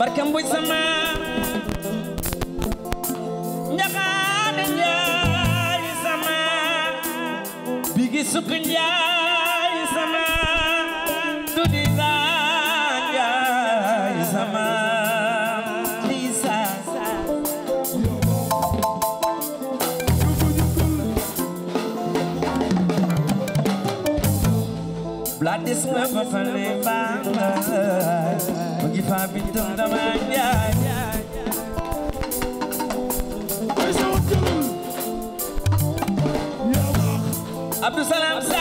barke mbuj sama njaxaane njaay sama bigi sukk njaay sama dudi saan njaay sama Blood is never falling Abdou Salam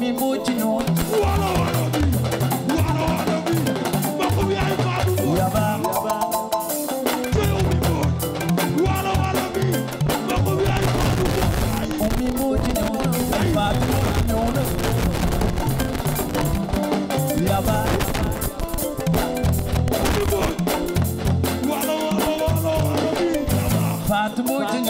mi moo ci noon wala wala bi yaba yaba teew mi wala wala bi ma ko yaay faatu mi moo ci noon faatu noon yaba faatu moo ci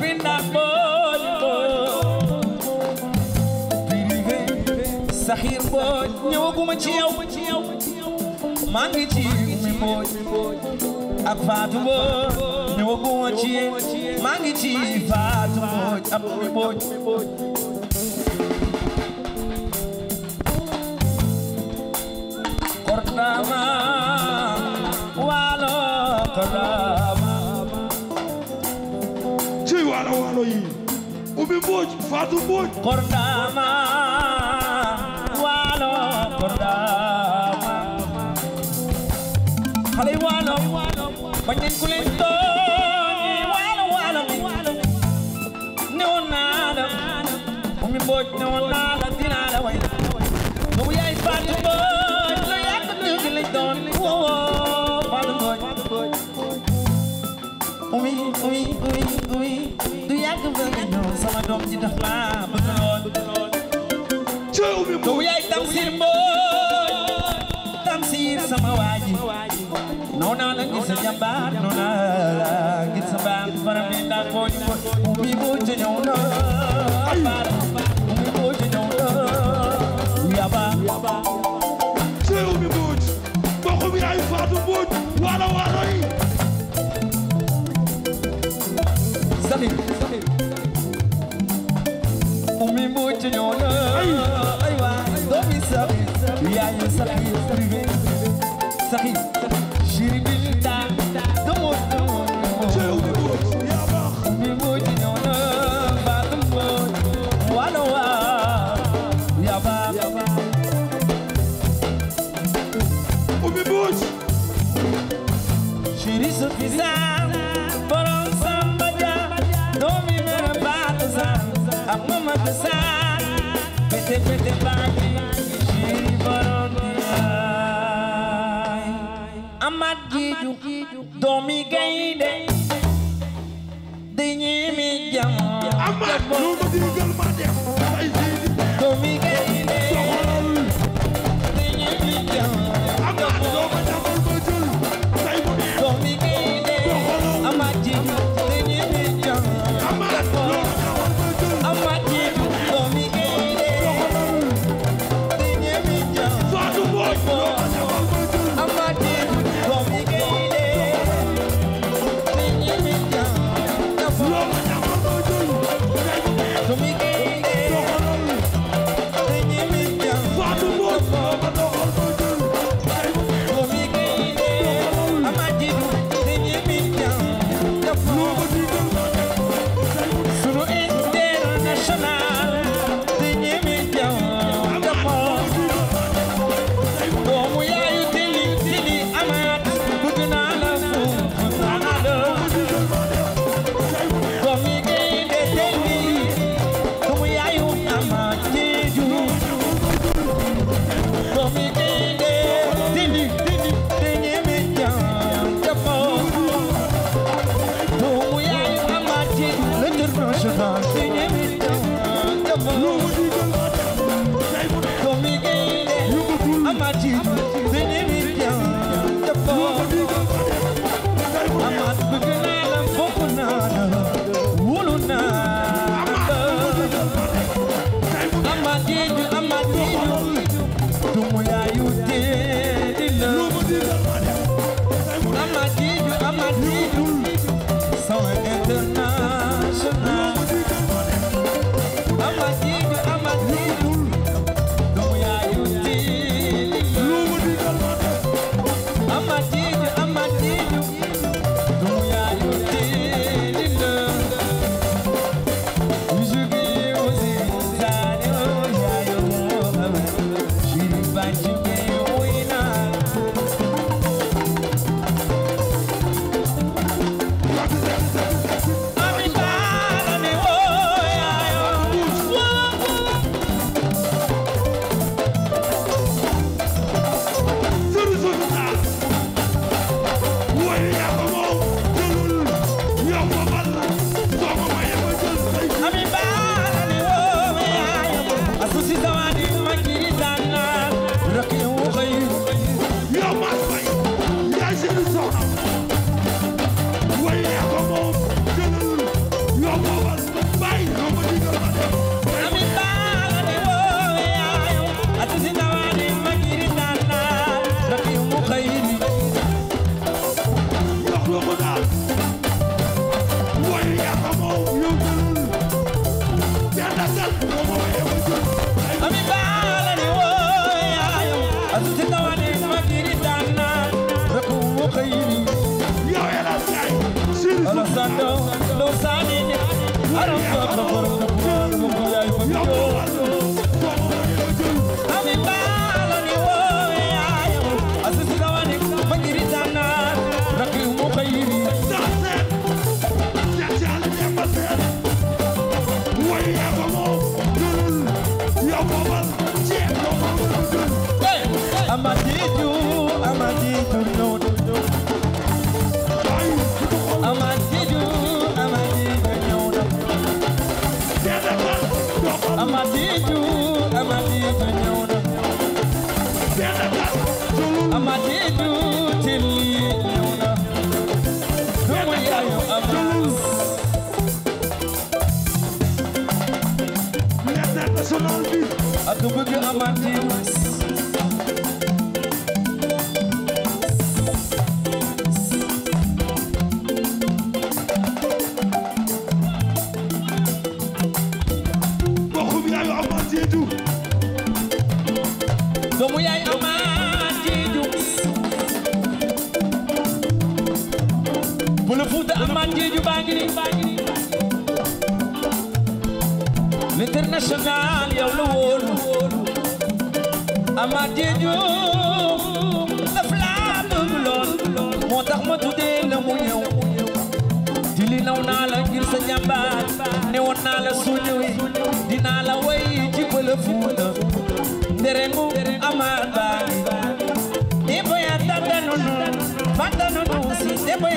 binda mbooj mbooj ci maa ngi ci mi faatu mbooj ñëwaguma ci maa ngi ci Oumy Mbodj Fatou Mbodj Kordama Waalo Kordama xale yi Waalo bañ nañ ku leen doom ji daf maa bëgg lool. yow yaay Tamsir Mbodj Tamsir sama waa ji noona la ngi sa jàmbaar noona la ngi sa baax faram bi ndax boo ñu ko ci ñoo na ay waay doomi sax yaay sax privé sax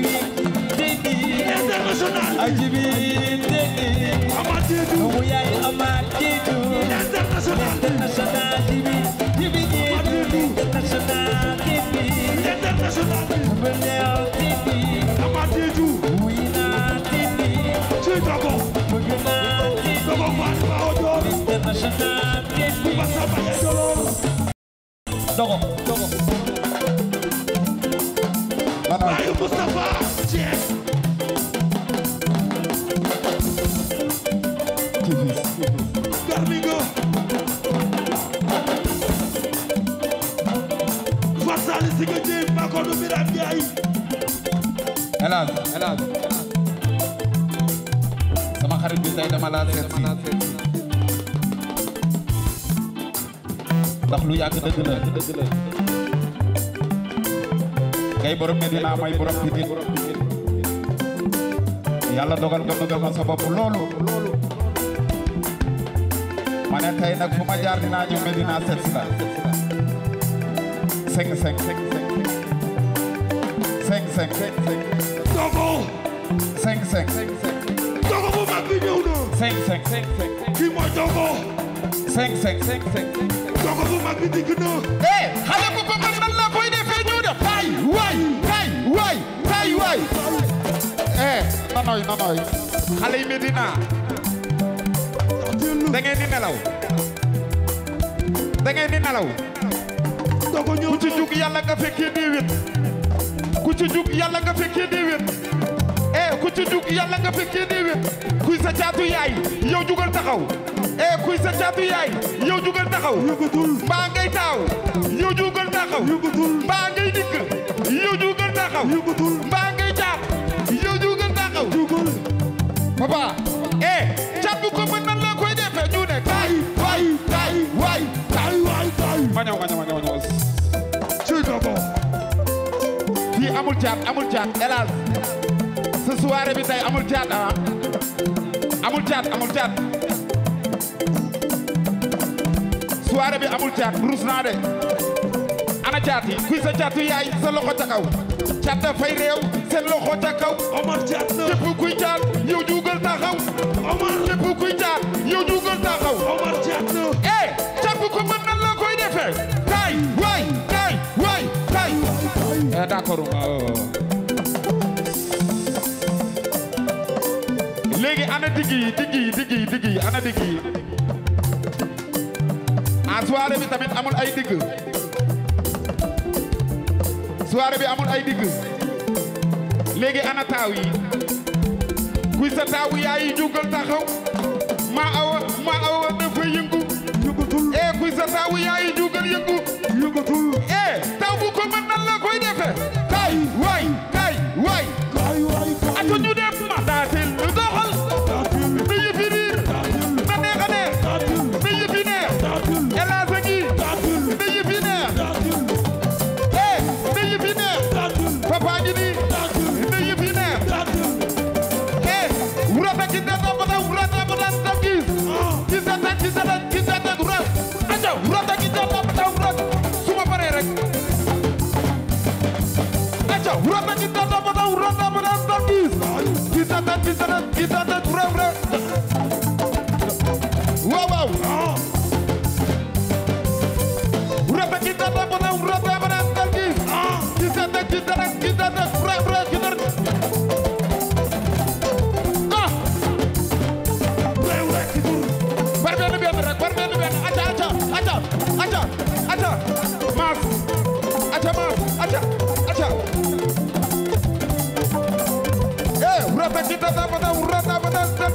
ajibi teddi international ajibi teddi amateddu mu yaay amateddu international international ajibi jibi teddi international teddi international benel teddi amateddu wina teddi chitako mugina teddi dogo fat ba ojo international teddi basaba yolo laa may borom dogal nga bëgg ma sa bopp loolu ma ne tey fu ma jaar dinaa ñëw Medina set la cinq cinq cinq dogo cinq cinq dogo bu mag bi ñëw na cinq dogo bu mag bi dikk na eh bu ko mën na noy na noy xale yi Medina da ngeen di nelaw da ngeen di nelaw ku ci jug yàlla nga fekkee déewét ku ci jug yàlla nga fekkee déewét eh ku ci jug yàlla nga fekkee déewét kuy sa caatu yaay yow jugal taxaw eh kuy sa caatu yaay yow jugal taxaw mbaa ngay taaw yow jugal taxaw mbaa ngay dikk yow jugal taxaw mbaa papa eh jàpp ko mën nan la koy defee ñu ne kaay waay kaay waay kaay waay kaay ma ñëw ma ñëw ma ñëw ma ñëw ci dogo fii amul jaat amul jaat hélas ce soirée bi tey amul jaat ah. amul jaat amul jaat bi amul jaat ruus naa de ana jaat kuy sa jaatu yaay sa loxo ca kaw jaat dafay réew seen loxo ca kaw Omar jaat na kuy jaat yow jugal taxaw Omar lépp kuy jaar yow jugal taxaw Omar jàpp na eh jàpp ko mën nan la koy defee tay waay tay waay tay eh, d'accord ah, léegi ana digg yi digg yi ah, tamit amul ay digg soirée bi amul ay digg léegi ana taaw buy sa taawu yaay jugal taxaw ma awa ma awa dafa yëngu yëngatul eh buy sa taawu yaay jugal yëngu yëngatul eh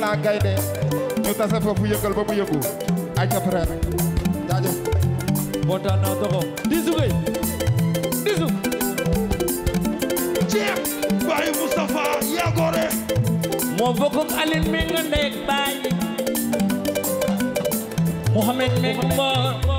la gaynde ñu tase foofu yëngal ba mu yëngu ay ca frère jaajëf kontaan naa doxo disu gay disu ceeb bàyyi Moustapha yaagoore moo bokk ak Aline mi nga nekk bàyyi Mouhamed mi nga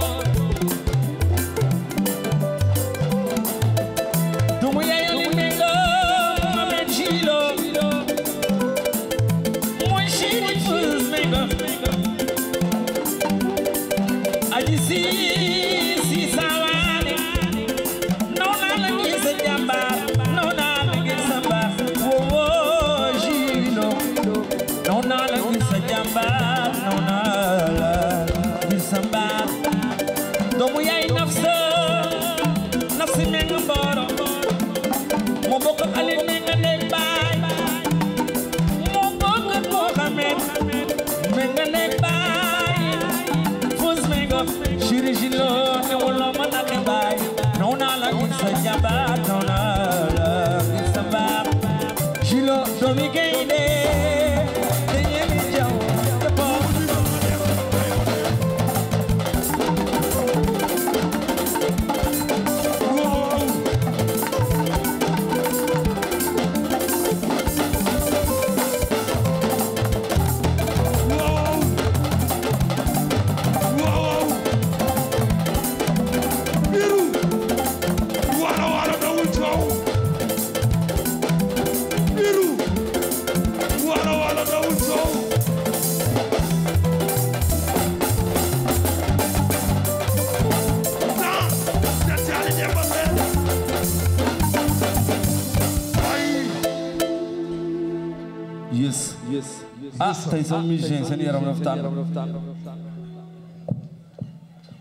tey sama musicien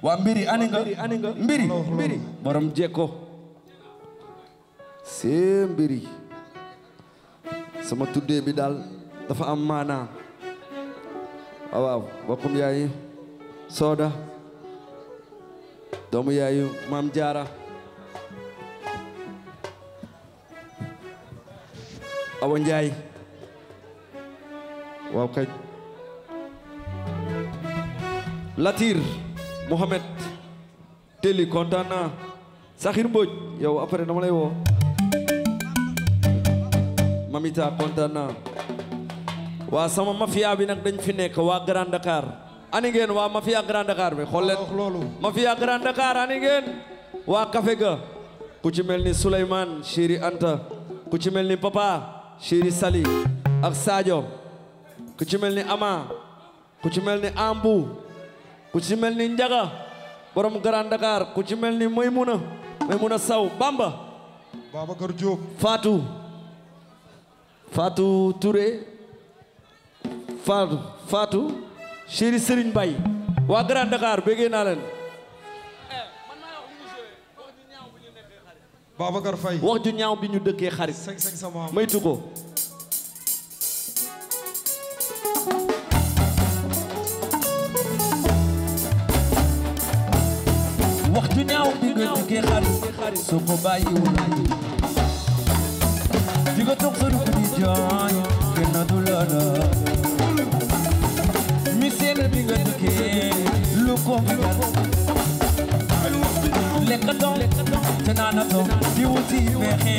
waa mbiri ani mbiri borom jekko see mbiri sama tuddee bi daal dafa am maanaa waaw bokkum yaayu sooda doomu yaayu maam jaara awa njaay waaw kañ Latir Mohamed Teli kontaan naa Sakhir Mbodj yow dama lay woo Mamita kontaan waa sama mafia bi nag dañ fi nekk waa Grand Dakar ani waa mafia Grand Dakar bi xool leen mafia Grand Dakar waa Café ga ku ci mel ni Souleymane Chéri Anta ku ci mel ni Papa Chéri Sali ak Sadio ku ci mel ni Ama ku ci mel ni Ambu ku ci mel ni Njaga borom Grand Dakar ku ci mel ni Maymuna Maymuna Saw Bamba Babacar Diop Fatou faatu faatu Fatou Fatou chéri Serigne Bay waa Grand Dakar bégee naa leen Babacar Faye wax ju ñaaw bi ñu dëkkee xarit maytu ko ginnaaw bi di nga toog sa dugg kenn du la mi seen bi nga duggee lu ko fegal lekkatoo te naanatoo di wuti pexe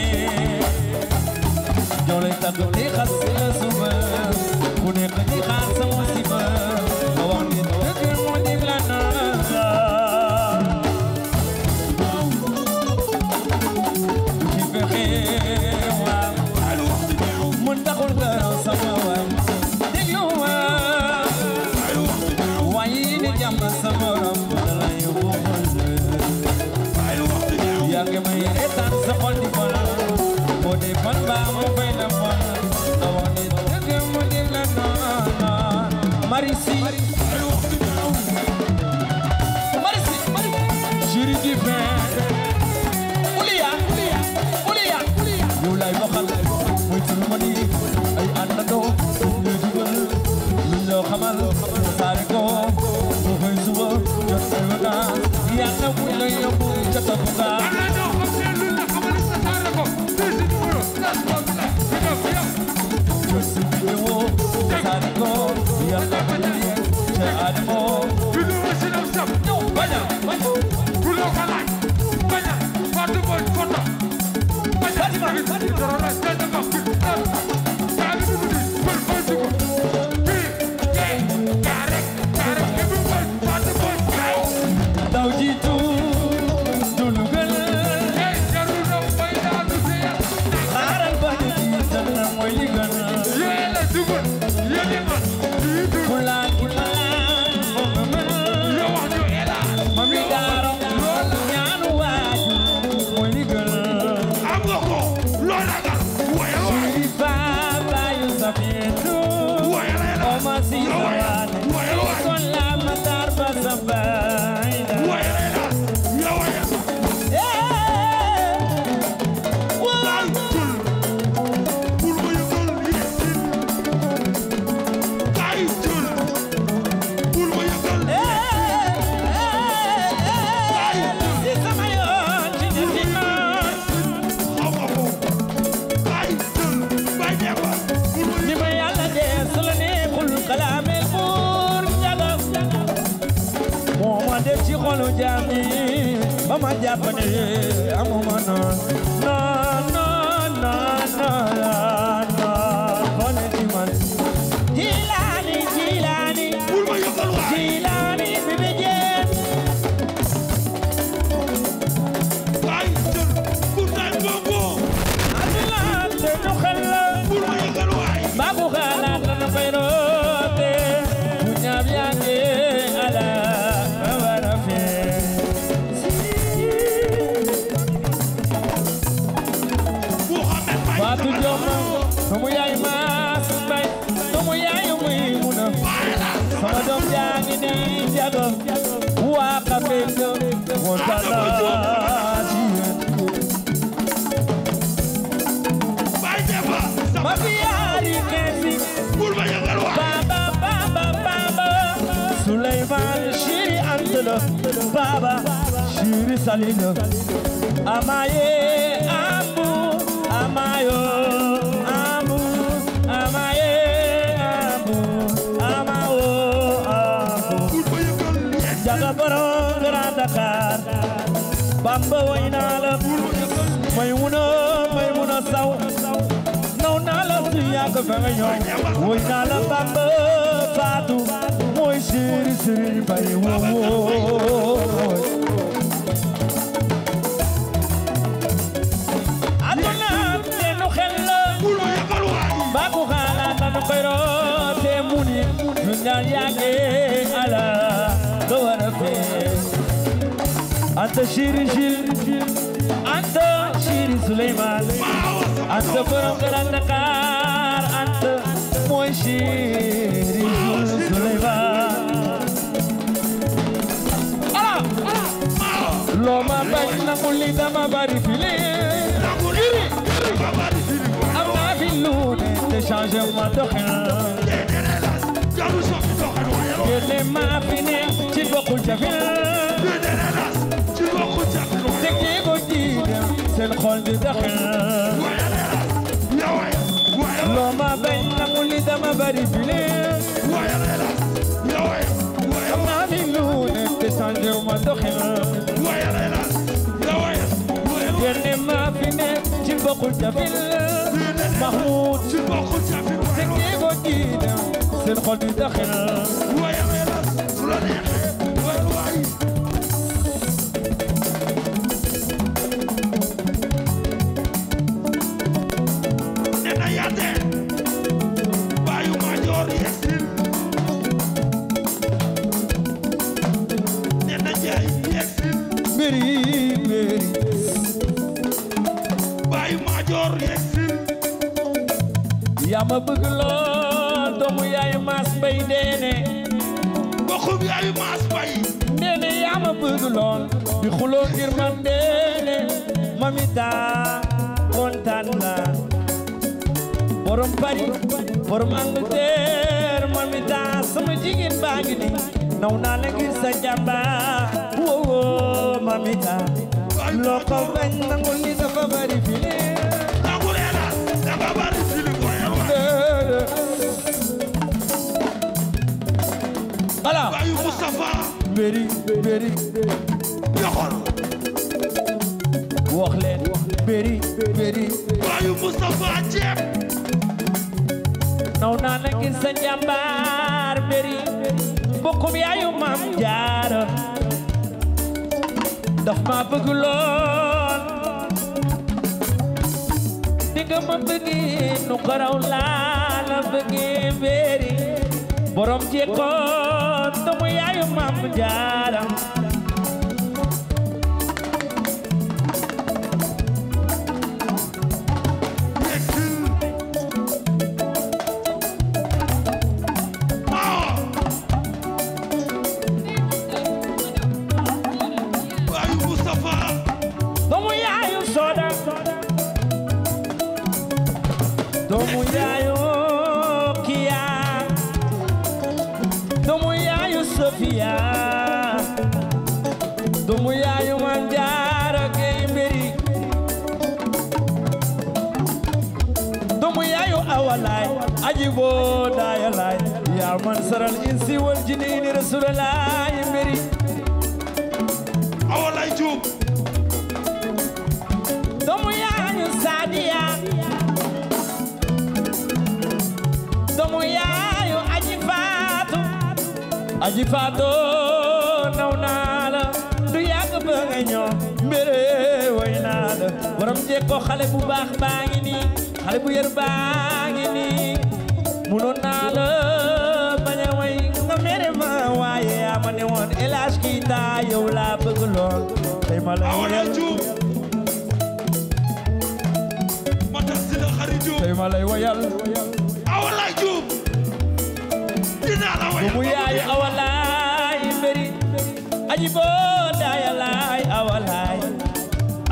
ñoo lay tàgg di xas la suba ku nekk di xaar sa musiba Correcto. money, I'm a man. sama doom yaa ngi nii jago waa Kaffrine moo talaa ci yéen. ma fi yaari keesi. baba baba baba. Souleymane Chiri Anta la. baba Chiri Sali la. ama ye amu ama yoo. ba way naa la Maymuna Maymuna saw naw naa la su yàgg fa nga ñoom way naa la Bamba Faatu mooy chéri chéri bay woo Yeah, yeah. anta Chérif Gilles anta Chérif Souleymane anta borom Grand Dakar anta mooy Chérif Souleymane loo ma bañ nangul li dama bari fili am naa fi lu ne te changement doxin génne ma fi ne ci bokkul jafin jéego jiidam seen xol di daxal loo ma bañ na mu li dama bari bile maa mi lu ne te sanjur ma doxal yenne maa fi ne ci bokkul jafil Mahmoud ci bokkul jafil seen jéego jiidam seen xol di daxal bay deene mboq bi ay maas bay deene yaa ma bëgg bi xuloo ngir man deene mami borom Paris borom Angleterre mami taa jigéen baa ni naw naa la ngir sa jàmbaar woo woo loo ko nangul ni dafa bari fii bëri bëri yoxol wax leen bëri bëri waayu Moustapha Jeep naw naa la gis sa njàmbaar bëri bokkum yaayu maam jaara daf maa bëgg lool di nga ma bëggee nu ko raw laa la bëggee bëri borom jéego Mama Jaara Rasulullah mbiri awolay juub doomu yaayu Sadiya doomu yaayu Aji Faatu Aji Faatu naw naa la du yàgg ba nga way naa la borom jekko xale bu baax baa ngi xale bu yër baa ngi nii munoon naa El Hadj Keita yow laa bëgg lool tey ma lay wayal tey ma lay wayal awalaay Diouf dinaa la wayal mu yaay awalaay mbëri aji boo daayalaay awalaay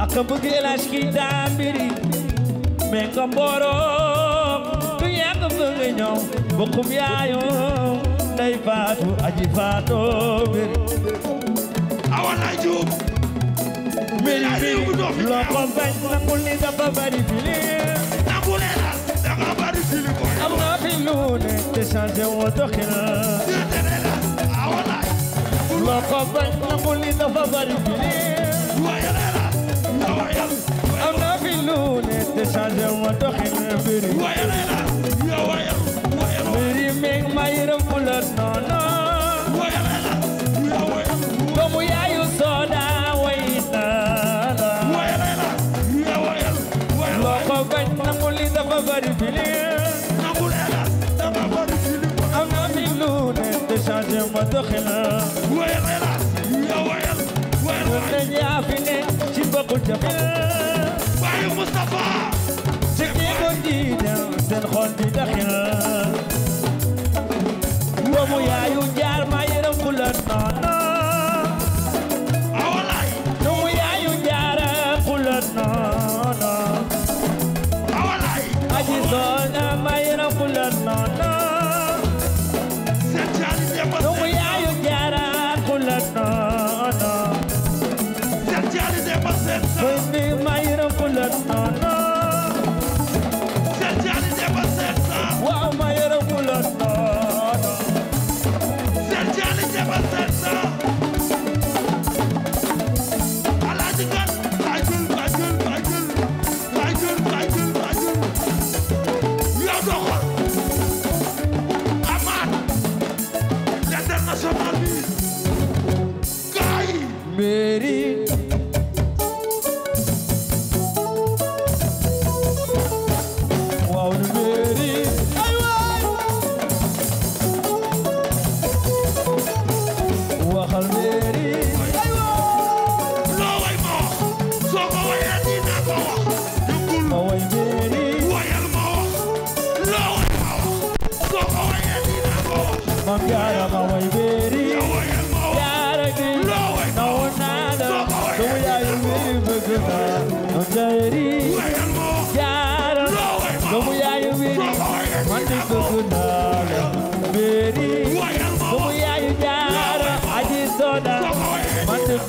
ak a bëgg El Hadj Keita mbiri mais ka mbooro du yàgg bëgg ñëw bokkum yaayoo day faatu aji faatoo wér awalay juub mbir mi loo ko bañ nangul ni dafa bari fili nangule la dafa bari fili ko am na fi lu ne te changé woo doxin awalay loo ko bañ nangul ni dafa bari fili waaye la awalay am na fi lu ne te changé woo doxin mbir mi waaye la waaye la mbir mi may la nono doomu yaayu soda way na la loo ko bañ nangu li dafa bari fili am na mi lu ne te changé ma doxina mun na ñaafi ne ci bokkul jamono waaye Moustapha ci kii ko jiital seen xol di daxina doomu yaayu jaar ma yërëm ku la noon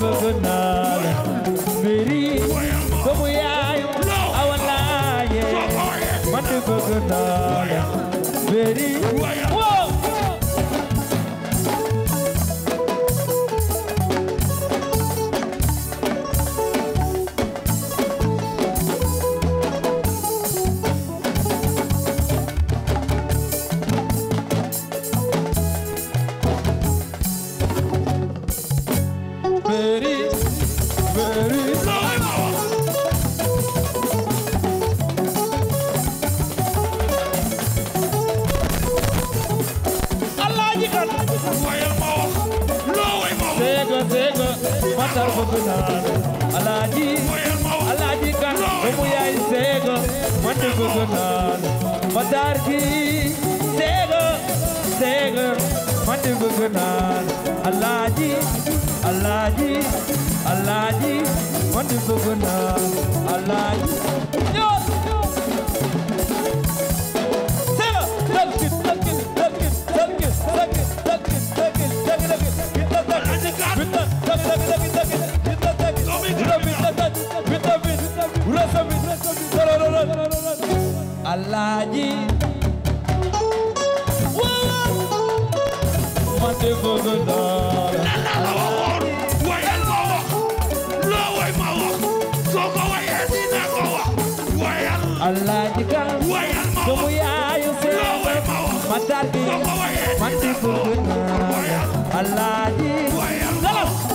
bëgg naa la mbiri doomu yaayu awa laaye man de bëgg naa la mbiri ko naan alaaji alaaji alaaji man di bëgg naa alaaji ñoom sega dalkin dalkin dalkin dalkin dalkin dalkin dalkin dalkin dalkin dalkin dalkin dalkin Alaaji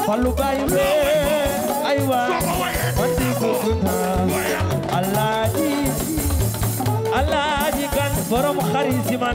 Fallu bayu be aywa wati bukuna Alaaji Alaaji kan borom xari si man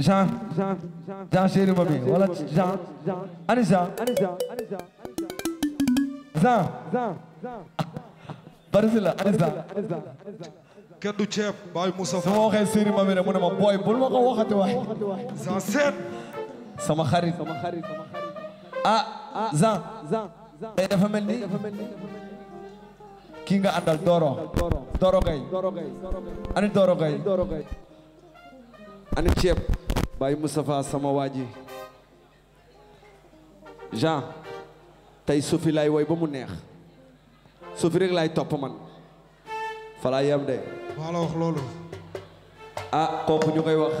Jean Jean chéri mami wala Jean ani Jean Jean barisi la ani Jean kenn du ceeb baay Moussa sama waxee chéri mami rek mu ne ma booy bul ma ko waxati waay Jean seet sama xarit ah, ah Jean day dafa mel ni kii nga àndal Doro Doro Gaye ani Doro Gaye ani ceeb Baye Moustapha sama waa ji Jean tey suufi woy ba mu neex suufi rek lay topp man falaa yam de wax loolu ah kooku ñu koy wax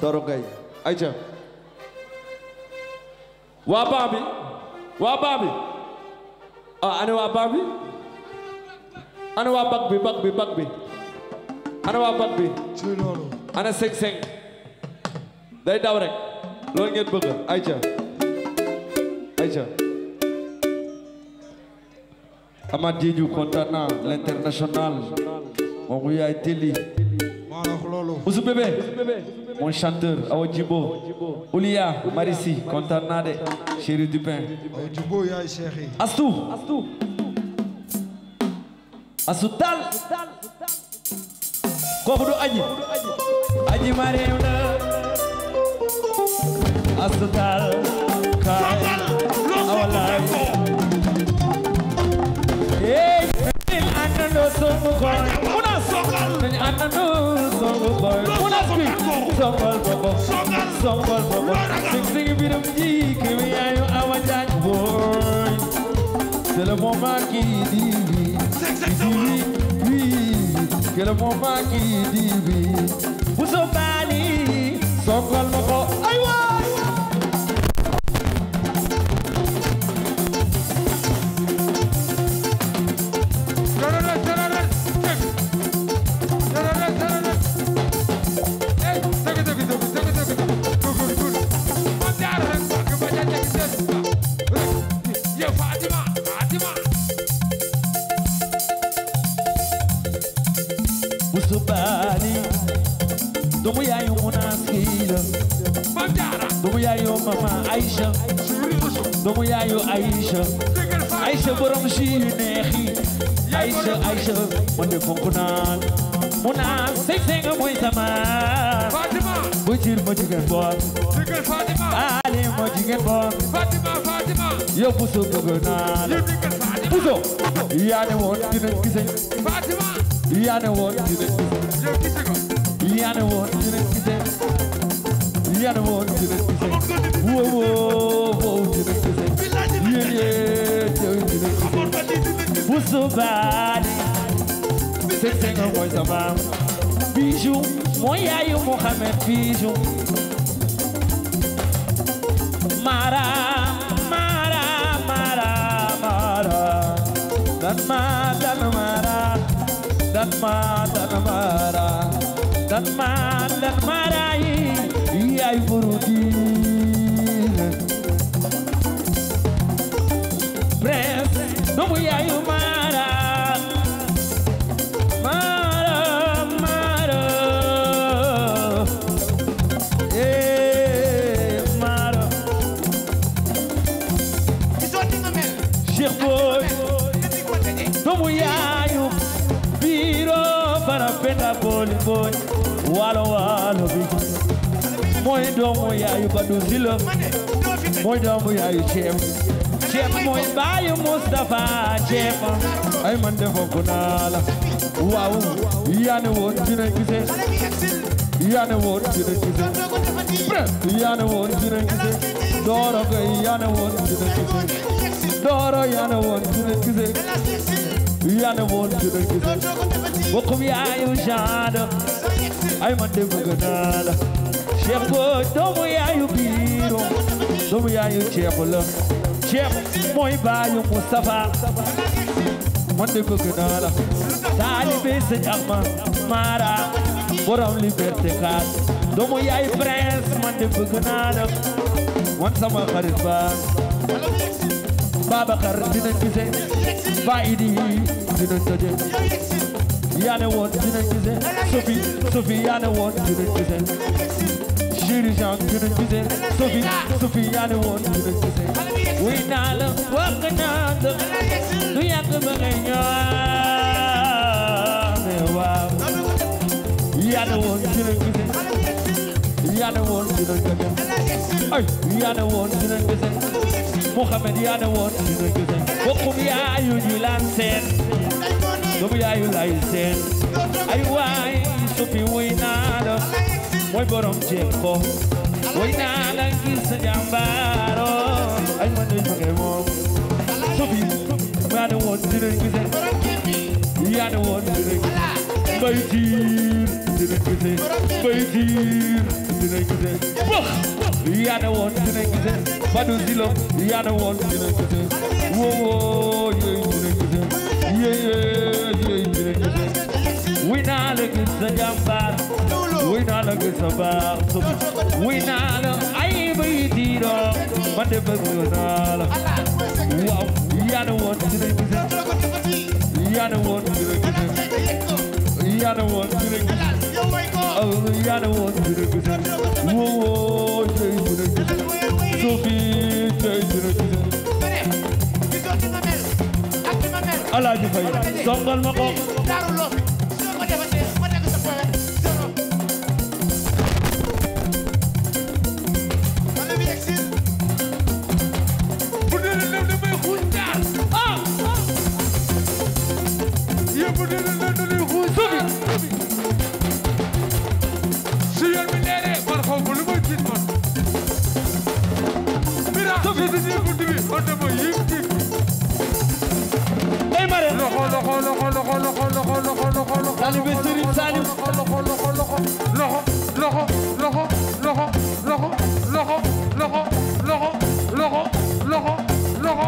Doro Gaye ayca waa baa waa baa bi ah waa baa bi waa bag bi bag bi bag bi ana waa bag bi ana seng seng day daw rek loolu ngeen bëgg ayca ayca Amath Diédhiou kontaan naa l'international moom mu yaay Télé Bébé mon chanteur Awa Djibo Marisi kontaan de Chéri Dupin Astou Astou Tall kooku du aji aji mareew na asutal kaay awalaay hey nañ àndandoo songu boy muna songal nañ àndandoo songu boy muna spi songal bobo songal bobo sing sing birum ji kimi ayu awa jaaj boy c'est le moment qui dit oui qui dit oui oui c'est le moment qui dit oui bu so bani songal bobo aywa doomu yaayu Aïcha Aïcha borom si yu neex yi Aïcha Aïcha man de fonk naan mu naan sëñ sëñ nga mooy sama Fatima bu jiir ma jigéen boot jigéen Fatima Ali ma woon dinañ gise Fatima yaa woon dinañ gise yow gise woon dinañ gise yaa ne bu subaani sëg sëg nga mooy sa maam bijou mooy yaayu Mohamed bijou mara mara mara mara dan ma dan mara dan ma dan mara waalo waalo bi mooy doomu yaayu Badou Sylla mooy doomu yaayu ceeb ceeb mooy baayu Moustapha ceeb ay man de fonk naa la waaw yaa ne woon dina gisee yaa ne woon dina gisee yaa ne woon dina gisee dooro ga yaa ne woon dina gisee dooro yaa ne woon dina gisee yaa ne woon dina gisee bokkum yaayu jaada ay man de bëgg naa la Cheikh doomu yaayu biiro doomu yaayu Cheikh la Cheikh mooy baayu Moustapha man de bëgg naa la taalibe sëñ Ahmad Mara borom liberté kaat doomu yaayu prince man de bëgg naa la wan sama xarit ba Babacar dinañ gisee ba idi dinañ daje yaa ne woon dinañ gisee Sophie Sophie yaa ne woon dinañ gisee Julie Jean dinañ gisee Sophie Sophie yaa ne woon dinañ gisee wuy naa la wax naa la lu yàgg ba ngay ñëwaat waaw yaa ne woon dinañ gisee yaa ne woon dinañ gisee ay yaa ne woon dinañ gisee Mouhamed yaa ne woon dinañ gisee bokkum yaa yu ñu lan seen doomu yaayu lay seen ay waay mooy borom jekko woy naa la ngir sa jàmbaaro ay man day jóge moom suppi maa ne woon dinañ gise yaa ne woon dinañ gise mbay jiir dinañ gise mbay jiir dinañ woowoo yeey dinañ gise yeey nit sa jàmbaar wuy naa la gis sa baax wuy naa la ay bay diiroo man de bëgg naa la waaw yaa ne woon dina gis yaa ne woon dina gis yaa ne woon dina gis yaa ne woon dina gis woo tey dina gis Sophie tey dina gis Alaaji Fay songal ma ko biir guddi bi on dama yib dig day mare loxo loxo loxo loxo loxo loxo loxo loxo loxo talibe Serigne Saliou loxo loxo loxo loxo loxo loxo loxo loxo loxo loxo loxo loxo loxo loxo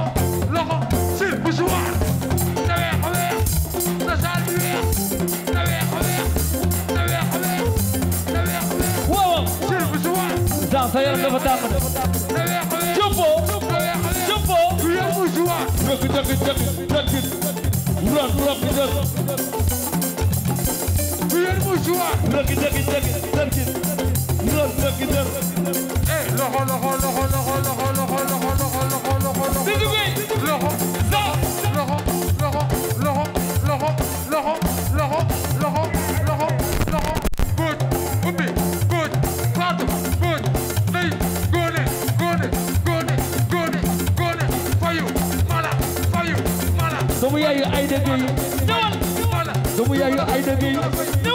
loxo sir bu suwaar na weex a weex na saal bi weex na weex a weex na weex a weex na weex a weex waaw sir bu suwaar sa yaram dafa tàng it, drop it, drop it. Rock, rock it up. Bien bourgeois. Rock it, rock it, rock it, rock it. Rock, rock it up. Hey, loxo, loxo, loxo, loxo, loxo. ay dëgg yi. doomu yaayu ay dëgg yi.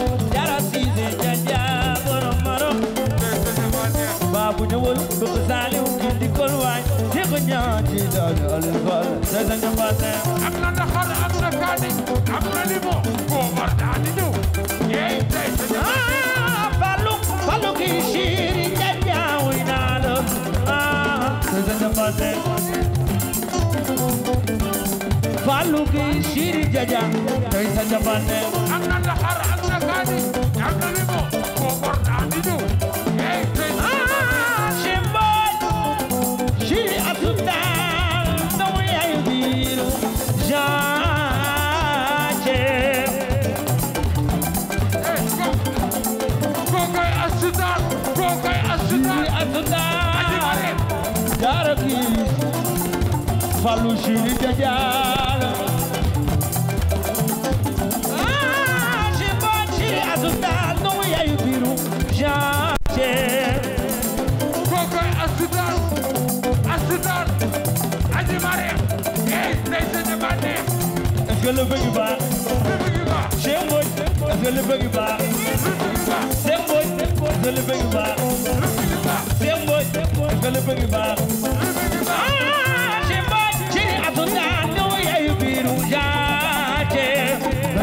ku ñëwul ku ko saaliw kii di kol waay di ko ñaan ci daanu alu fal te dañu mbaate am na naxar am na kaani am na limo koo war daa di ñëw yeey tey sa jamaa balu ah, balu kii siiri jajjaaw yi naa la te ah, dañu mbaate balu kii siiri jajjaaw tey sa jamaa am na naxar am na kaani am na limo koo war Fallou Julie Diadial ajibaji asudano yayubiru jaje kokoy asudan asudan ajimare eh neyse de bande ah, e est-ce que le bëgg ba Semboy est-ce que le ba Semboy est-ce que le ba Semboy est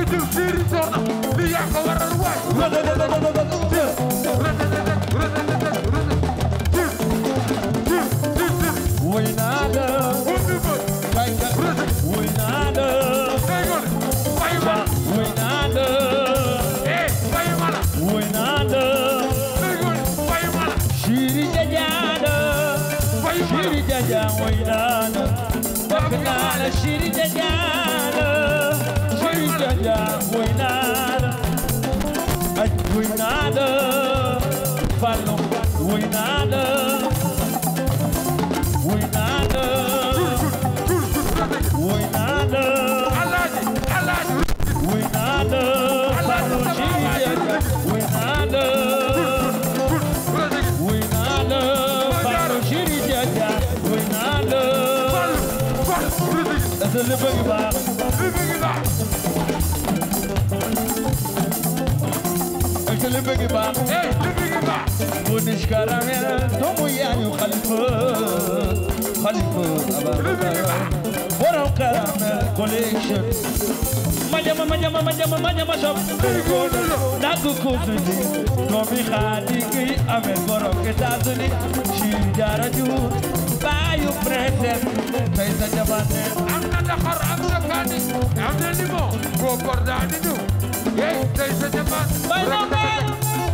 bidu siri soxna li yaa ko waral waay Shiri jaja, why not? Back in the shiri jaja. ya muy nada ay muy nada Fallou muy nada muy nada muy nada Alaaji Alaaji muy nada Fallou ci ya muy nada muy nada Fallou ci ya muy nada Fallou Fallou البقبة البقبة ونشكى رمينا تومو يعني وخلف خلف ورا وكلام كوليكشن مجمع مجمع مجمع مجمع شوف ناكو كوزني تومي خاتيكي أمي غورو كتازني شجارة جو بايو بريتن فايزة جبانة أمنا دخر أمسكاني أمنا ليمو غوكور داني جو Hey, there's a demand.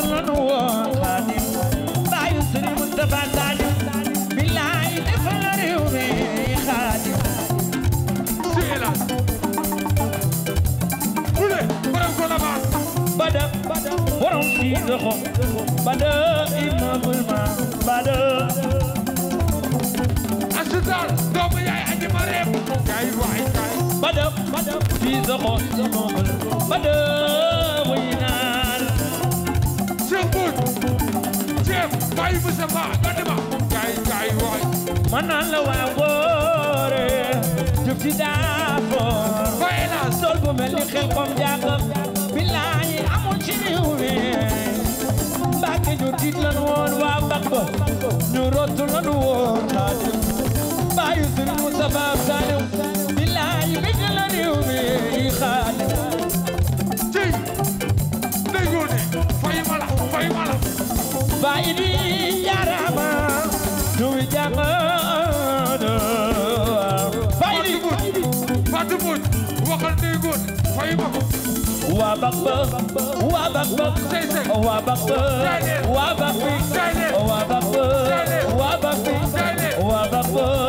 fadlan woon xaadim baayu sëriñ Mustafa Salim billaay defal réew mi xaadim sila bule borom ko la baat bada borom si doxo bada imaamul ma bada asutar doomu yaay aji ma reem yaay waay kaay bada bada si doxo bada bàyyi bu sa baax ba dama gaay waay ma naan la waa góore jub ci daafoor ba elaas sol bu mel ni xel kom jàkkam billaahi amul ci réew mi mbàkke ñu tiit lan woon waa mbàkk ba ñu rottu lan woon taaju bàyyi sunu mu sa baax saaliw billaahi bi ñu la réew mi i fay ma fay ma Wabak, wabak, wabak, wabak, wabak, wabak,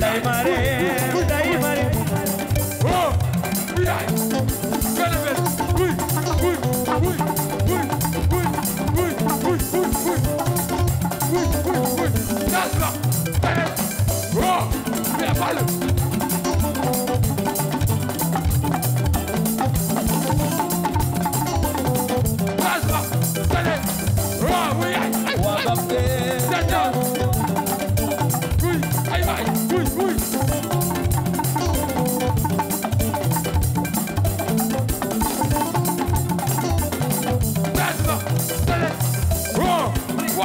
Day Mare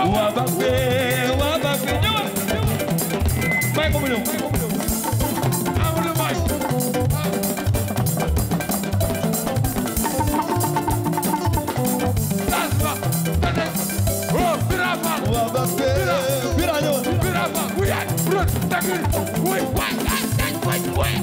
waa Bafé waa Bafé ñëwal may ko mu ñëw may ko mu ñëw Amadou Mass tas ba tane oo Bira Fall waa Bafé Bira ñëwal Bira Fall wuyaat brot takir wuy waay waay waay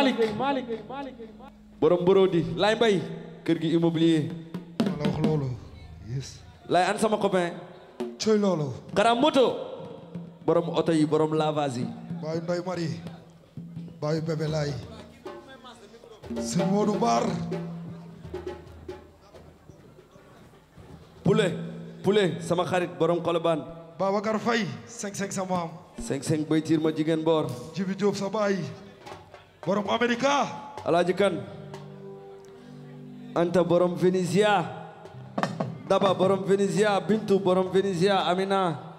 Malick Malick borom borodi laay kër gi immobilier wala wax loolu yes laay an sama copain cooy loolu karam moto borom oto yi borom lavage baayu ndoy mari baayu bébé laay sëñ Modou Mbar Poulet Poulet sama xarit borom Colobane Babacar Faye cinq cinq sama am cinq cinq bay tiir ma jigéen boor Jibi Diop sa baay borom Amerika Alaaji Kan Anta borom Venezia Daba borom Venezia Bintu borom Venezia Amina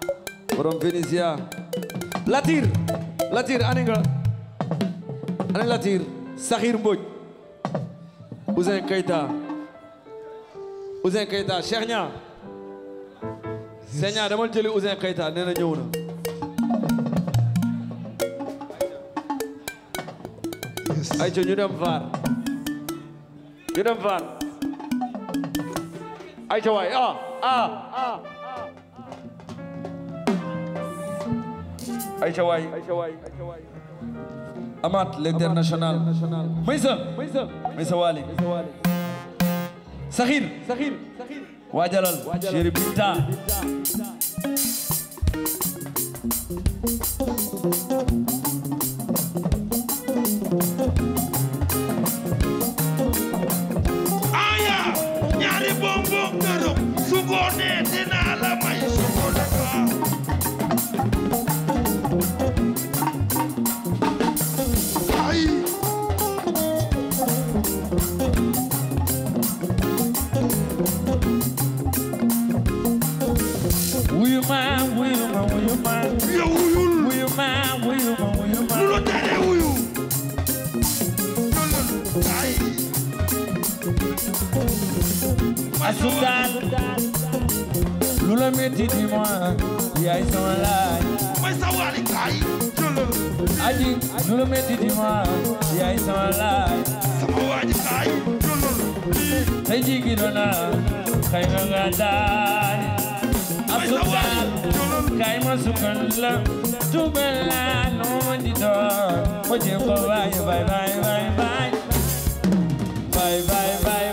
borom Venezia Latir Latir ane nga ane Latir Sakhir Mbodj Ouzin Keita Ouzin Keita Cheikh Ña Cheikh Ña demal jëli Ouzin Keita nee na na ay co ñu dem faar ñu dem faar ay co waay ah ah ah ay co waay Amath l'international Maysa Maysa Wali Sakhir Sakhir waajalal chéri Binta aya ñaari bonbon këram su goonee dinaa la may su ko dafa ay sultaan lu la metti di moi yaay sama laaj mooy sa waali kaay aji lu la metti di moi yaay sama laaj sama waali kaay tey jigi doona xëy na nga daaj ab sultaan kaay ma sukkan la tuubal laa nu ma di doon ma jéem ko baay baay baay baay baay baay baay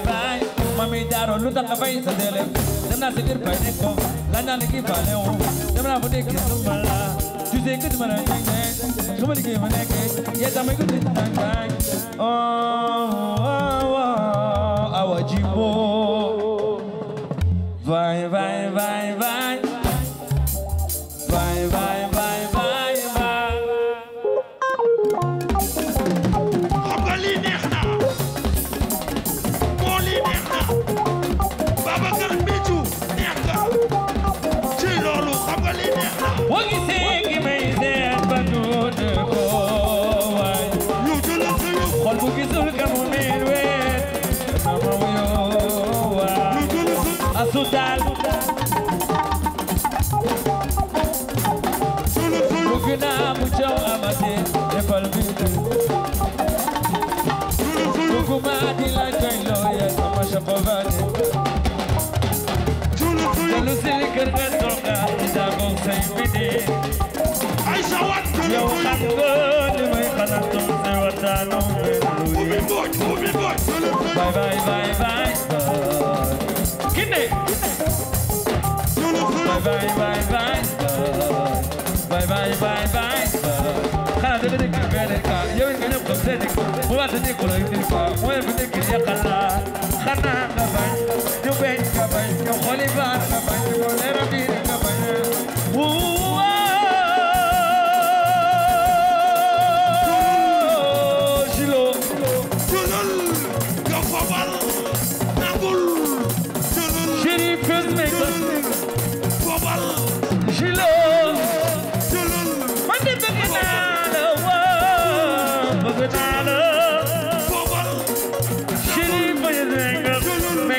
mi jaaro lu tax nga fay sa délé dem naa sa biir bay ne ko laaj naa liggéey ba lew dem naa bu déggee su ma la tu sais que tu ma la nekk su ma liggéey ma nekk yee tamay ko tëj bang bang oh awa jimbo vai vai Xanaa nga bañ ñu bañ nga bañ ñu xooli baar nga bañ ñu leer a biir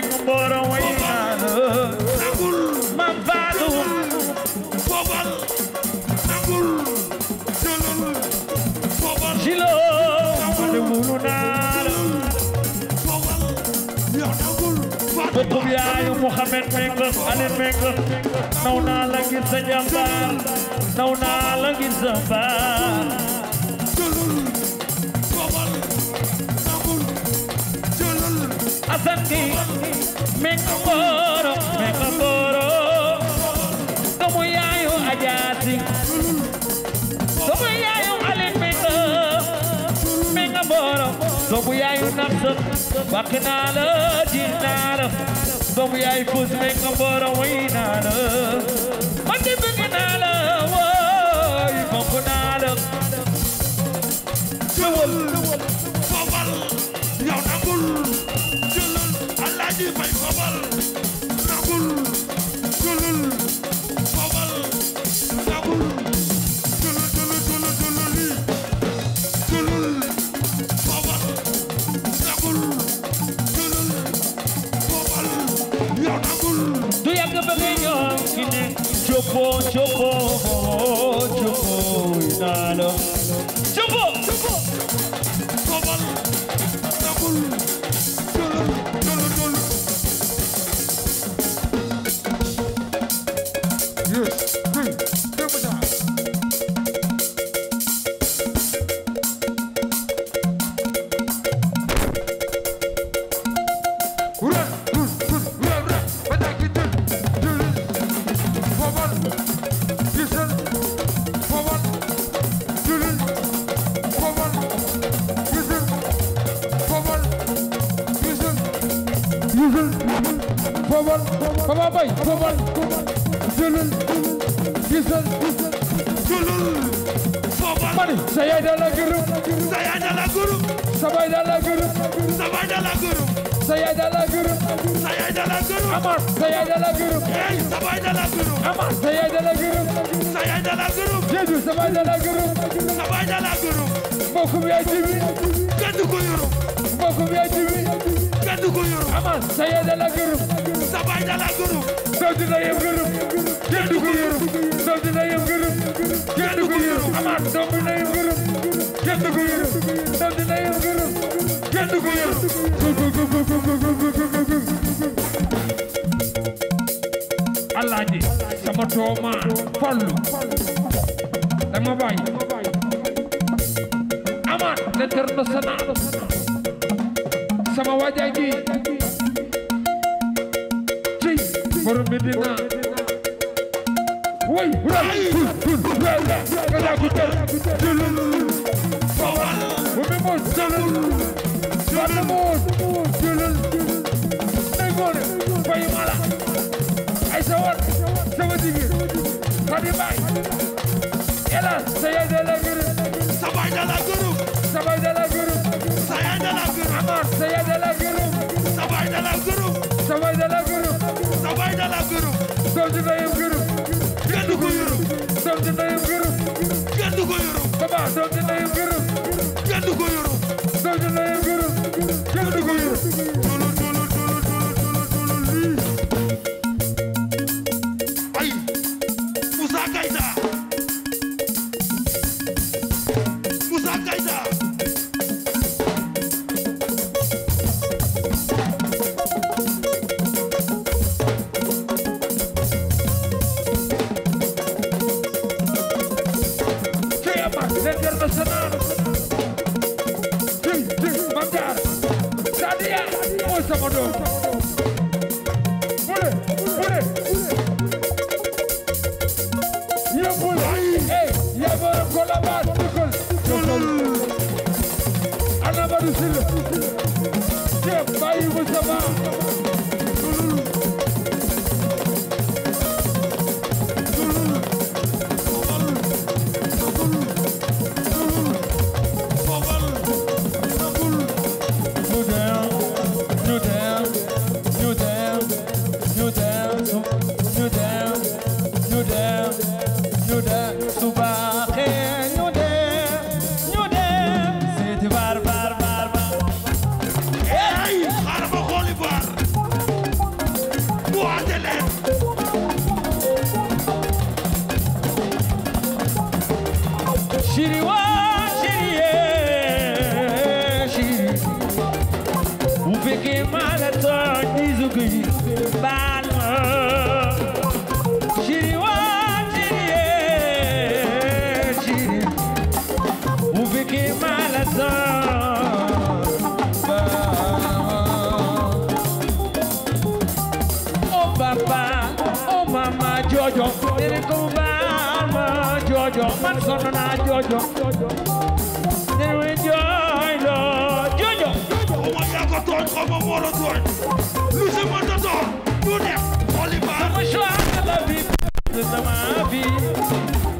ku borom way naa nangul mam faalum bobal nangul jolul bobal jilo man wulu naa bobal yow nangul bokkub yaayu Muhammad ale Mbengue naw naa la gis sa jàmbaar naw la gis sa sangi mi ngi mbooro mi ngi mbooro doomu yaayu ajaati doomu yaayu alin mi ngi mi ngi mbooro yaayu nafsa wax naa ji naa la doomu yaayu kus mi ngi mbooro wey naa la man di bëgg naa la wooy bëgg naa la jëwal bobal yow nangul di fay fobal nagul tulul fobal nagul tulul tulul tulul tulul tulul fobal nagul tulul fobal yow nagul du yàgg ba ngay ñëw fi ne jóppo jóppo jóppo naa la cooma fallu dama bàyyi aman l'international sama waja gi ci borom bi dina way ra tu tu wala kala ku tel dulul fawal bu mi mo dulul wala mo dulul dulul ay mala ay sawar sama jigéen Fadi Baye Elas sa yaay da la gërëm sa baay da la gërëm sa baay da la gërëm sa yaay da la gërëm Amar sa yaay da la gërëm sa baay da la gërëm sa baay da la gërëm sa baay da la gërëm doom ji ndeyam gërëm kenn du ko yërëm doom ji ndeyam gërëm kenn du ko yërëm papa doom ji ndeyam gërëm kenn du ko yërëm doom ji ndeyam gërëm kenn du ko yërëm papa oh mama jojo nene ko mama jojo man sonn naa jojo nene we jojo jojo oma yaa ko tooñ oma moo la tooñ lu si mën a doon lu def oli baa sama choix la vie sama vie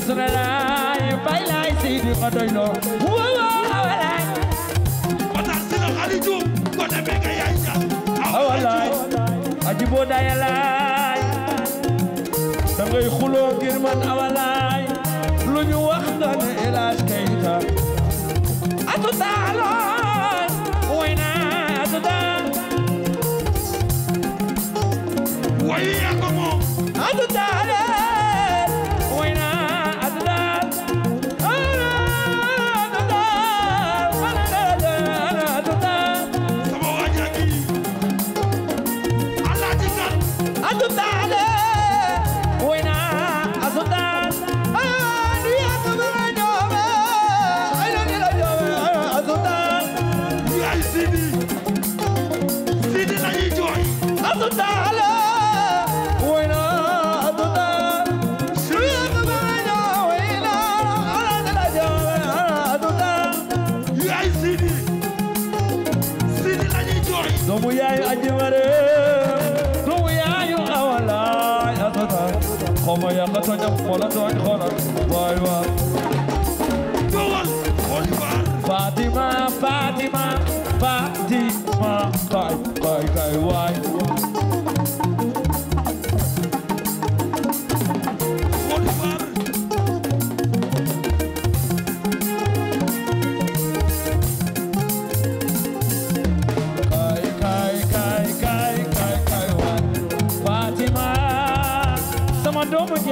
Rasulullah bay lay Seydi Xadoy Lo walaay Matar Sylla Xalidu ko demee nga yaay ja ah, walaay aji boo daya laay da ngay xuloo ngir man awalaay lu ñu wax nga ne El Hadj Keita xaw ma yàq tooñam wala tooñ xoolal waay waay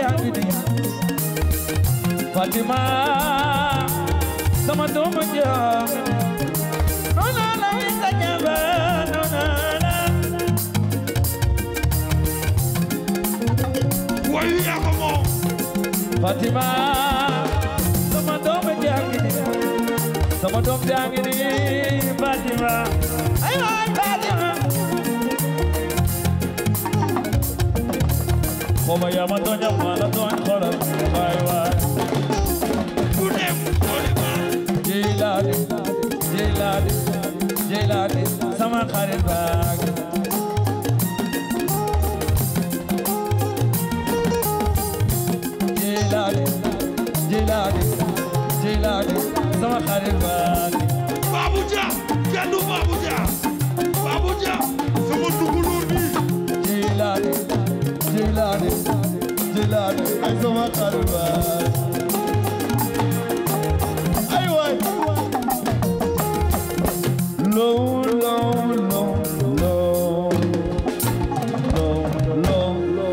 yàgg di Fatima sama doomu jaam noona la wi sa jaba noona la way yaa ko moom Fatima sama doomu jaam sama doomu jaam Fatima ay waay booba yaa ma tooñ maa la tooñ xoolal waay waay ku dem boole ma jeylaade jeylaade jeylaade sama xarit baag jeylaade jeylaade jeylaade sama xarit baag Babou Dia kenn du Babou Dia Babou jëlaale ay sama xalba ay waay low low low low low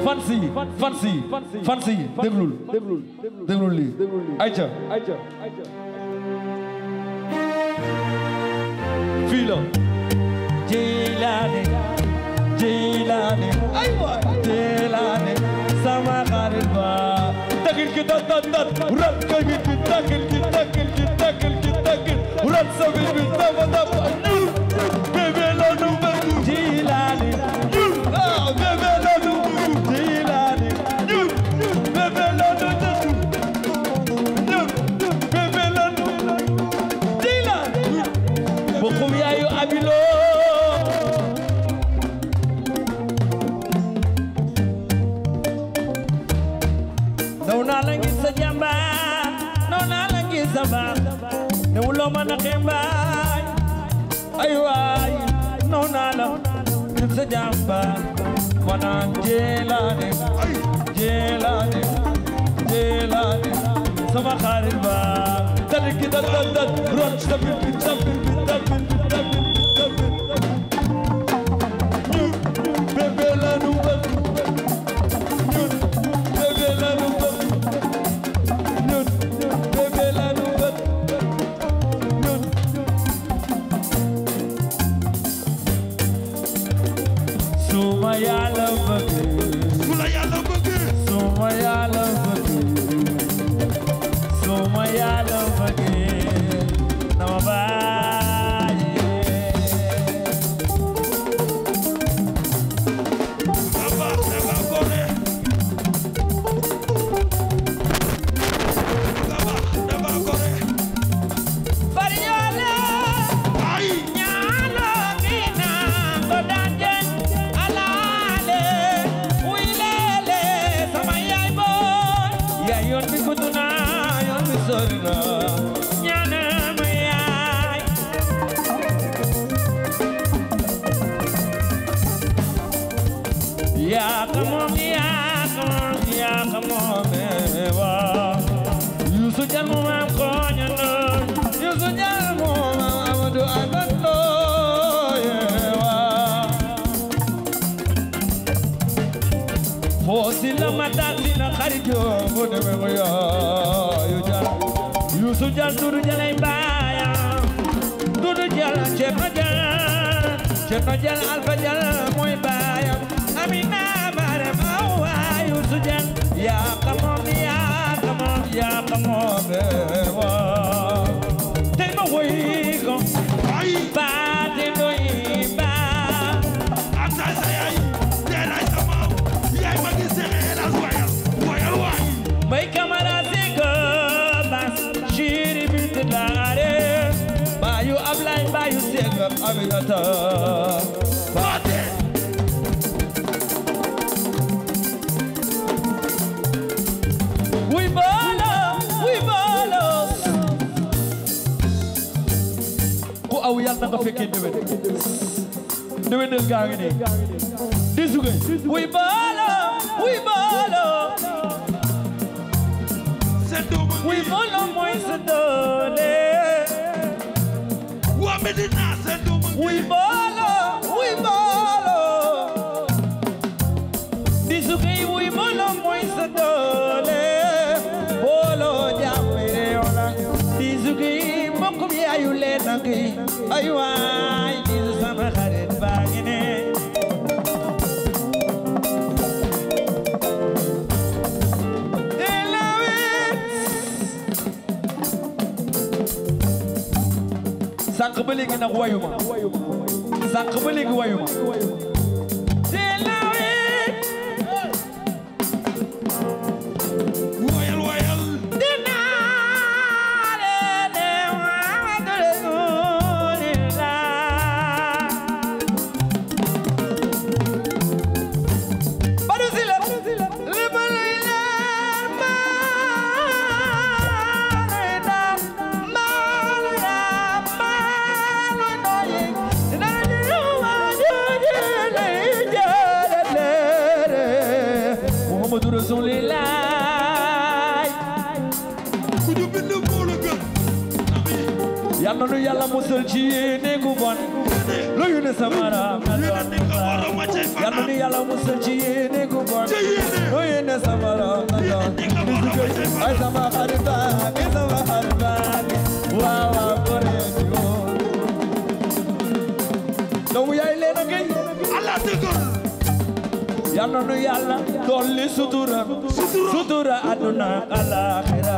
fansi fansi fansi déglul déglul déglul lii ayca ayca fii la jëlaale jëlaale ay waay jëlaale sama xariba tagil ki dat dat dat rat tagil ki tagil ki tagil ki tagil ki tagil rat sabil bi dafa dafa sa jàmbaar ma naan jéelaane jéelaane jéelaane sama xarit ba tarik ki dag dag dag roc tapit tapit yàlla bëgg jël duudu jëlay baayam duudu jël ceerno jël ceerno jël alfa jël mooy baayam amina bare ma waayu su jël yaa ka moom yaa ka moom yaa ka moom waa tey ma woy ko baati doy baa aminata fate wuy baala ku aw na nga fekkee déwén déwénal gaa ngi nii di suge wuy baala wuy baala wuy mooy sa doole wa Medina sa wuy mbooloo wuy mbooloo bisu kay wuy mbooloo mooy sa doole mbooloo jàppale wala bisu kay mbokkum yaayu leen ak ay waay bisu sama xarit baa ngi ne sànq ba léegi nag wayuma sànq ba léegi wayuma sol ci yéene gu bon loyu ne samara nga doon yàlla ni yàlla musal ci yéene gu bon loyu ne samara nga doon ay sama xarita bi sama xarita bi waaw waaw gore di woo doomu yaay leena gay allah tegol yàlla nu yàlla dolli sutura sutura aduna alaxira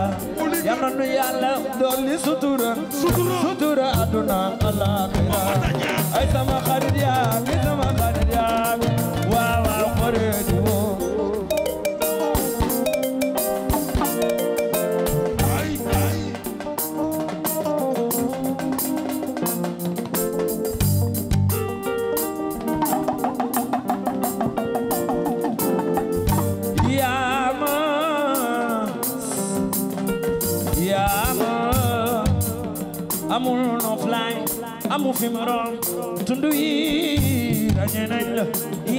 yàlla nu yàlla dolli sutura sutura aduna alaxira ay sama xarit yaa ngi sama xarit yaa ngi fi morom tundu la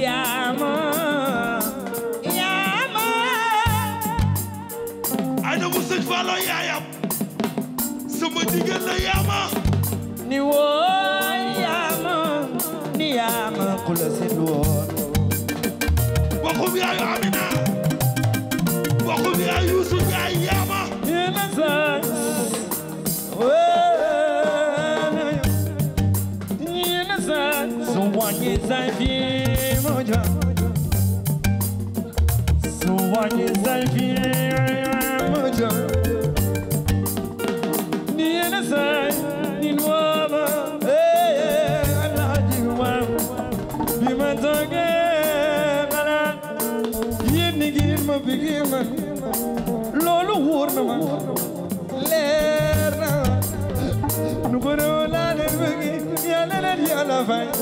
yaama yaama ana mu yaayam sama jigéen la yaama ni woon yaama ni yaama ku la seen waxum yaayu Zay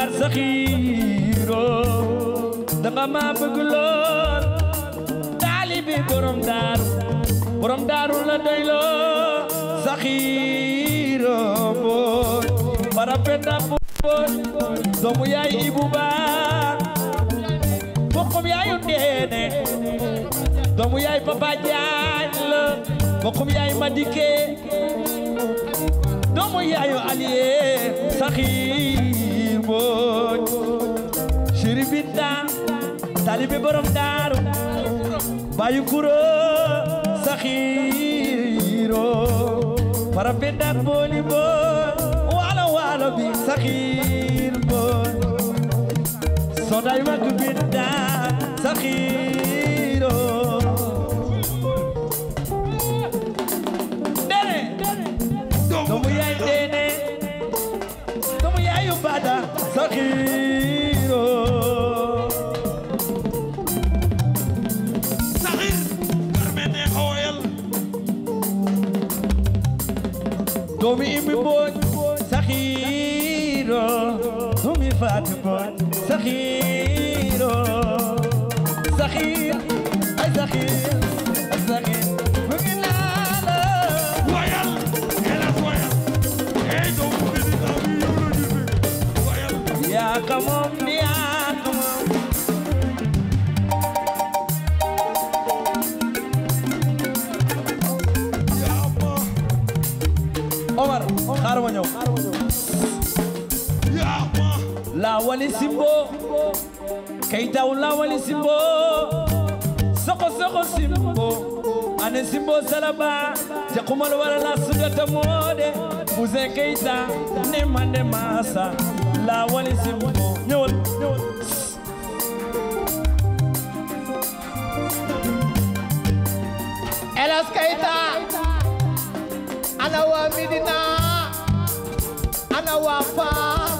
yaar sa xiiroo danga ma bëgg yaay ibu baar bokkum yaayu yaay papa jaañ la bokkum yaay ma dikkee doomu yaayu aliye sa xiiroo taalibe borom daaru bayu kuro saxiiro para bendat booli bool waalo waalo bi saxiir bool soday mag bendat saxiiro dene doomu yaay dene doomu yaayu bada saxiir قومي ببوج سخيرة قومي فاتبوج سخيرة سخير أي سخير السخير ممكن على ويل هلا ويل يا قمم Omar xaar ma ñëw la wali simbo kay daw la wali simbo soko soko simbo ane simbo salaba jakumal wala la sugata mode buze kayta ne mande masa la wali simbo ñëwal ñëwal Medina ana waa Fass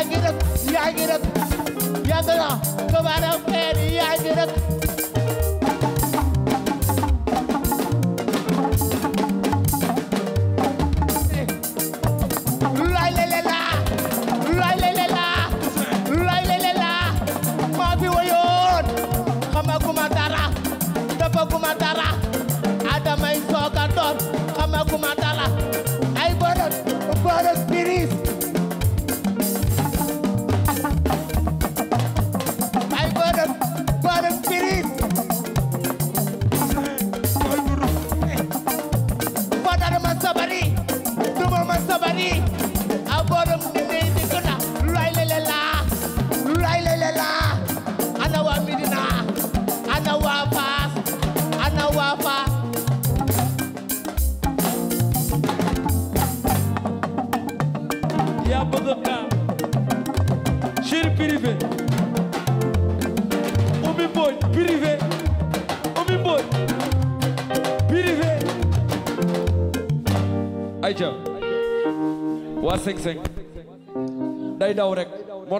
yaa ngi def yaa ngi def yaa ngi def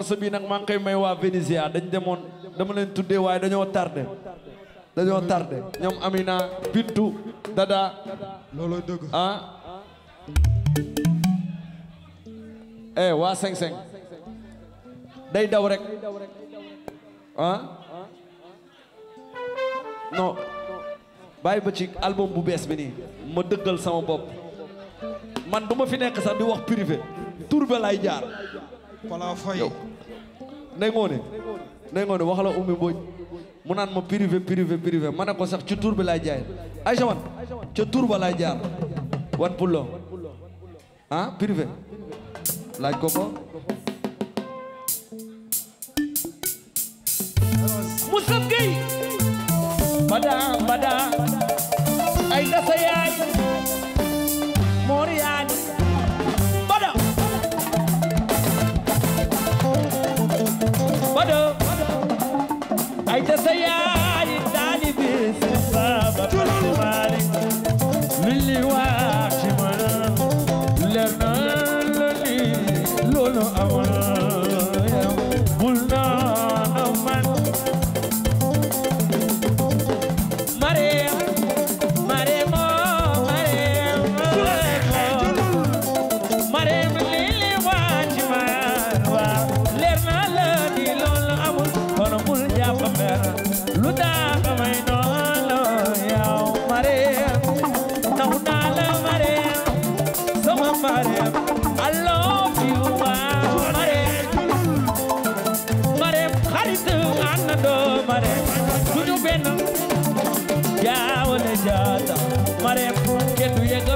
morceau bi nag maa ngi koy may waa Venezia dañ demoon dama leen tuddee waaye dañoo tardé dañoo tardé ñoom Amina Bintu Dada looloo dëgg ah eh waa cinq cinq day daw rek ah non ba ci album bu bees bi nii ma dëggal sama bopp man du ma fi nekk sax di wax privé tur ba jaar. nday ngoone nday ngoone wax la Oumy mu naan ma privé privé privé ma ne ko sax ci tur bi laay jaay Aïcha wan ca ba laay jaar wan pullo ah privé laaj ko ko Moussa Gueye bada bada ay dasa yaay moor yaay Badoo ay ta sa yaay taalibe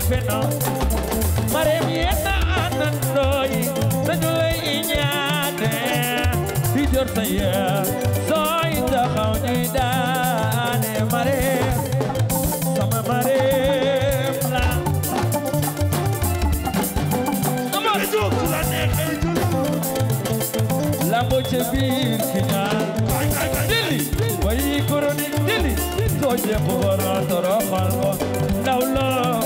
jafe na mareem yenn àndandoo yi dañu lay ñaane di jor sa yeex sooy taxaw ñuy daane mareem sama mareem la sama jóg la neexee la bo ci biir ki ñaan dili way koroni dili soo jeex bu war a toroxal ko ndaw la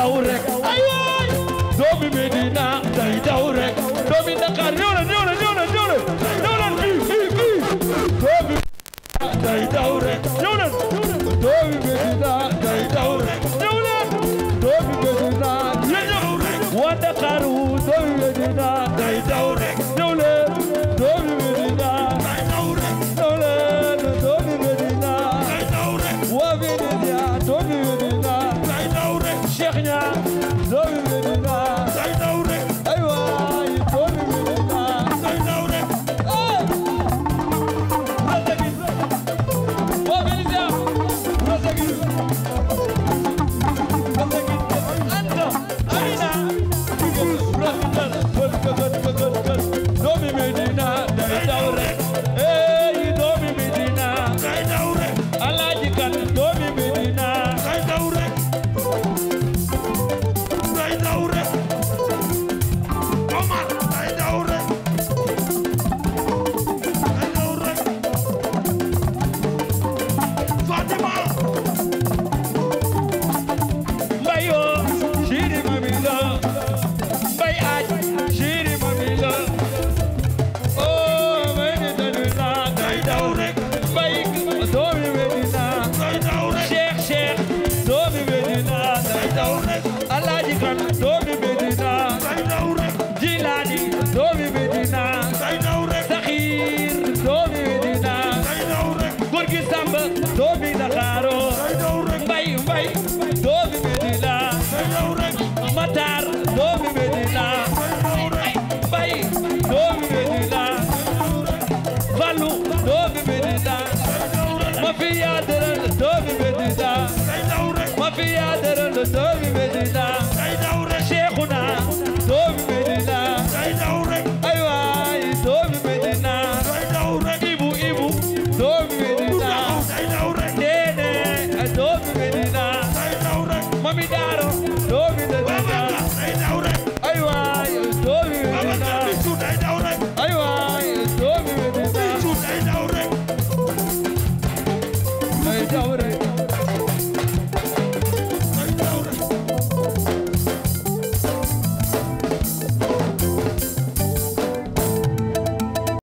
daw rek ayoy doomi Medina day daw rek doomi Dakar ñëw na ñëw na ñëw na ñëw na ñëw na fii fii fii doomi day daw rek ñëw na doomi Medina